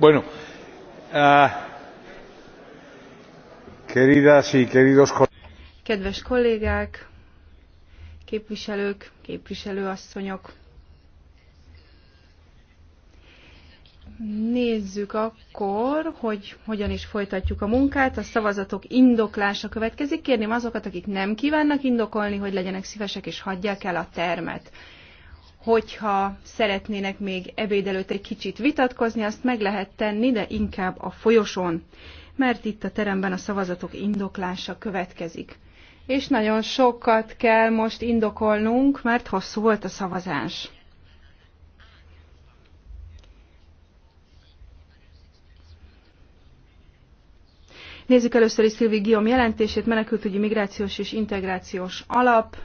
Bueno, ah, queridas y queridos Kedves kollégák, képviselők, képviselőasszonyok! Nézzük akkor, hogy hogyan is folytatjuk a munkát. A szavazatok indoklása következik. Kérném azokat, akik nem kívánnak indokolni, hogy legyenek szívesek és hagyják el a termet hogyha szeretnének még ebéd előtt egy kicsit vitatkozni, azt meg lehet tenni, de inkább a folyosón, mert itt a teremben a szavazatok indoklása következik. És nagyon sokat kell most indokolnunk, mert hosszú volt a szavazás. Nézzük először is Szilvi Guillaume jelentését, menekültügyi migrációs és integrációs alap.